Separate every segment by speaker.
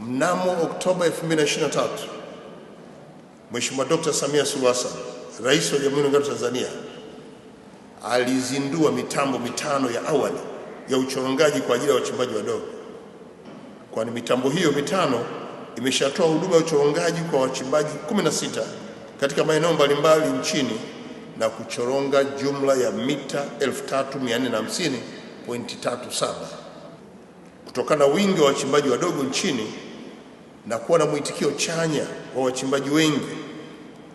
Speaker 1: Mnamo Oktoba 2023 Mheshimiwa Dr. Samia Suluhu Hassan, Rais wa Jamhuri ya Muungano wa Tanzania, alizindua mitambo mitano ya awali ya uchorongaji kwa ajili ya wachimbaji wadogo, kwani mitambo hiyo mitano imeshatoa huduma ya uchorongaji kwa wachimbaji 16 katika maeneo mbalimbali nchini na kuchoronga jumla ya mita 3450.37. Kutokana na wingi wa wachimbaji wadogo nchini na kuwa na mwitikio chanya wa wachimbaji wengi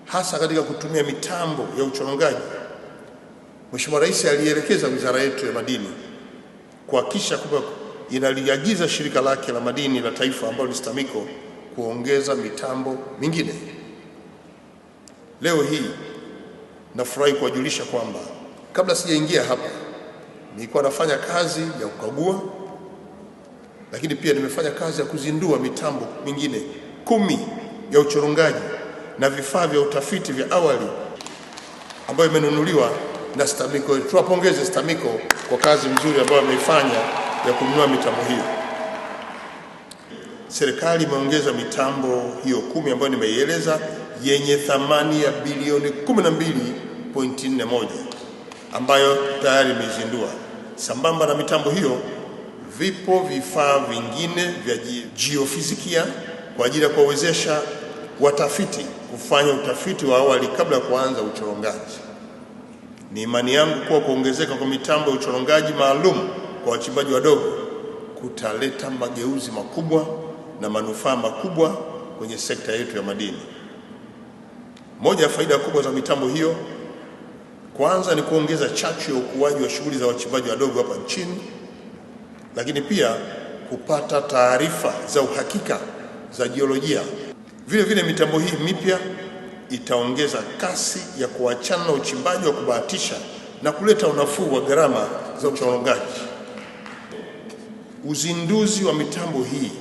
Speaker 1: hasa katika kutumia mitambo ya uchorongaji, Mheshimiwa Rais alielekeza wizara yetu ya madini kuhakikisha kwamba inaliagiza shirika lake la madini la taifa ambalo ni STAMICO kuongeza mitambo mingine. Leo hii nafurahi kuwajulisha kwamba kabla sijaingia hapa nilikuwa nafanya kazi ya kukagua lakini pia nimefanya kazi ya kuzindua mitambo mingine kumi ya uchorongaji na vifaa vya utafiti vya awali ambayo imenunuliwa na STAMICO. Tuwapongeze STAMICO kwa kazi nzuri ambayo ameifanya ya kununua mitambo hiyo. Serikali imeongeza mitambo hiyo kumi ambayo nimeieleza yenye thamani ya bilioni 12.41 ambayo tayari imeizindua. Sambamba na mitambo hiyo Vipo vifaa vingine vya jiofizikia kwa ajili ya kuwawezesha watafiti kufanya utafiti wa awali kabla ya kuanza uchorongaji. Ni imani yangu kuwa kuongezeka kwa mitambo ya uchorongaji maalum kwa wachimbaji wadogo kutaleta mageuzi makubwa na manufaa makubwa kwenye sekta yetu ya madini. Moja ya faida kubwa za mitambo hiyo, kwanza ni kuongeza chachu ya ukuaji wa shughuli za wachimbaji wadogo hapa nchini lakini pia kupata taarifa za uhakika za jiolojia. Vile vile mitambo hii mipya itaongeza kasi ya kuachana na uchimbaji wa kubahatisha na kuleta unafuu wa gharama za uchorongaji. Uzinduzi wa mitambo hii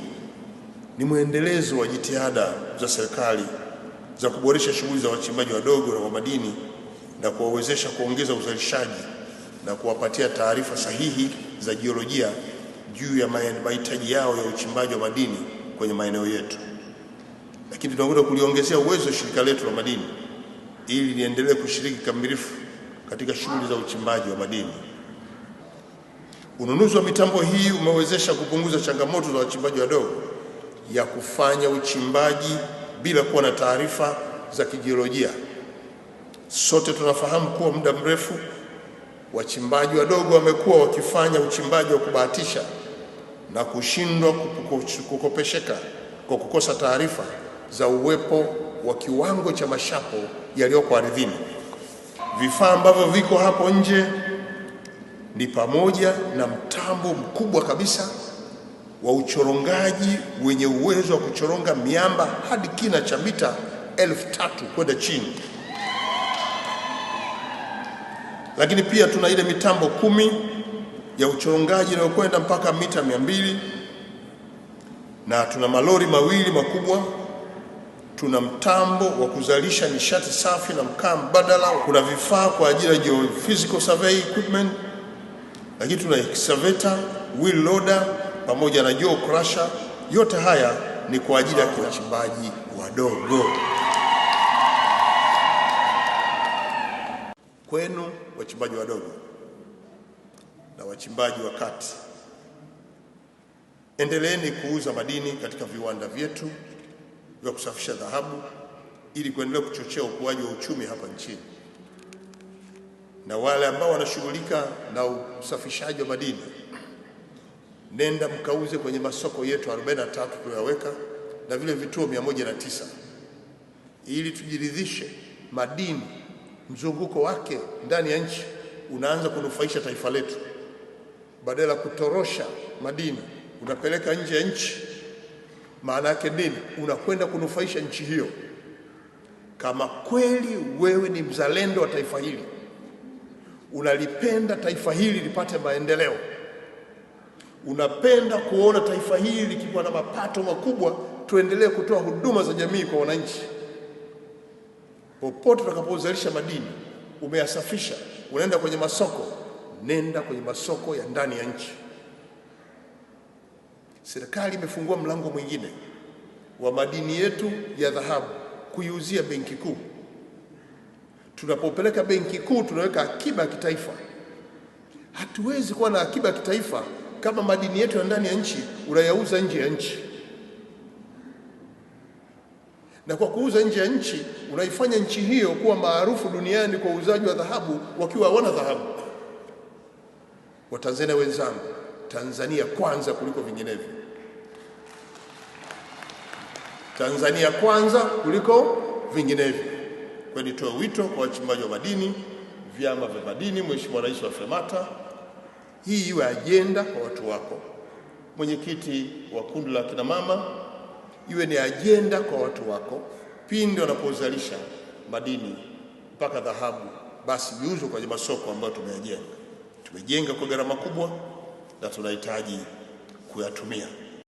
Speaker 1: ni mwendelezo wa jitihada za serikali za kuboresha shughuli za wachimbaji wadogo na wa madini na kuwawezesha kuongeza uzalishaji na kuwapatia taarifa sahihi za jiolojia juu ya mahitaji yao ya uchimbaji wa madini kwenye maeneo yetu, lakini tunakwenda kuliongezea uwezo shirika letu la madini ili liendelee kushiriki kikamilifu katika shughuli za uchimbaji wa madini. Ununuzi wa mitambo hii umewezesha kupunguza changamoto za wachimbaji wadogo ya kufanya uchimbaji bila kuwa na taarifa za kijiolojia. Sote tunafahamu kuwa muda mrefu wachimbaji wadogo wamekuwa wakifanya uchimbaji wa kubahatisha na kushindwa kukopesheka kwa kukosa taarifa za uwepo wa kiwango cha mashapo yaliyoko ardhini. Vifaa ambavyo viko hapo nje ni pamoja na mtambo mkubwa kabisa wa uchorongaji wenye uwezo wa kuchoronga miamba hadi kina cha mita elfu tatu kwenda chini, lakini pia tuna ile mitambo kumi ya uchorongaji inayokwenda mpaka mita 200 mbili na tuna malori mawili makubwa tuna mtambo wa kuzalisha nishati safi na mkaa mbadala. Kuna vifaa kwa ajili ya geophysical survey equipment, lakini tuna excavator, wheel loader pamoja na jaw crusher. Yote haya ni kwa ajili ya wachimbaji wadogo. Kwenu wachimbaji wadogo na wachimbaji wa kati. Endeleeni kuuza madini katika viwanda vyetu vya kusafisha dhahabu ili kuendelea kuchochea ukuaji wa uchumi hapa nchini. Na wale ambao wanashughulika na usafishaji wa madini, nenda mkauze kwenye masoko yetu 43 tuliyoweka na vile vituo 109 ili tujiridhishe madini mzunguko wake ndani ya nchi unaanza kunufaisha taifa letu badala ya kutorosha madini unapeleka nje ya nchi. Maana yake nini? Unakwenda kunufaisha nchi hiyo. Kama kweli wewe ni mzalendo wa taifa hili, unalipenda taifa hili lipate maendeleo, unapenda kuona taifa hili likiwa na mapato makubwa, tuendelee kutoa huduma za jamii kwa wananchi. Popote utakapozalisha madini, umeyasafisha, unaenda kwenye masoko nenda kwenye masoko ya ndani ya nchi. Serikali imefungua mlango mwingine wa madini yetu ya dhahabu kuiuzia Benki Kuu. Tunapopeleka Benki Kuu tunaweka akiba ya kitaifa. Hatuwezi kuwa na akiba ya kitaifa kama madini yetu ya ndani ya nchi unayauza nje ya nchi, na kwa kuuza nje ya nchi unaifanya nchi hiyo kuwa maarufu duniani kwa uuzaji wa dhahabu, wakiwa hawana dhahabu. Watanzania wenzangu, Tanzania kwanza kuliko vinginevyo, Tanzania kwanza kuliko vinginevyo. Kwa nitoe wito kwa wachimbaji wa madini, vyama vya madini, Mheshimiwa Rais wa FEMATA, hii iwe ajenda kwa watu wako. Mwenyekiti wa kundi la kina mama, iwe ni ajenda kwa watu wako, pindi wanapozalisha madini mpaka dhahabu, basi viuzwe kwenye masoko ambayo tumeyajenga. Tumejenga kwa gharama kubwa na tunahitaji kuyatumia.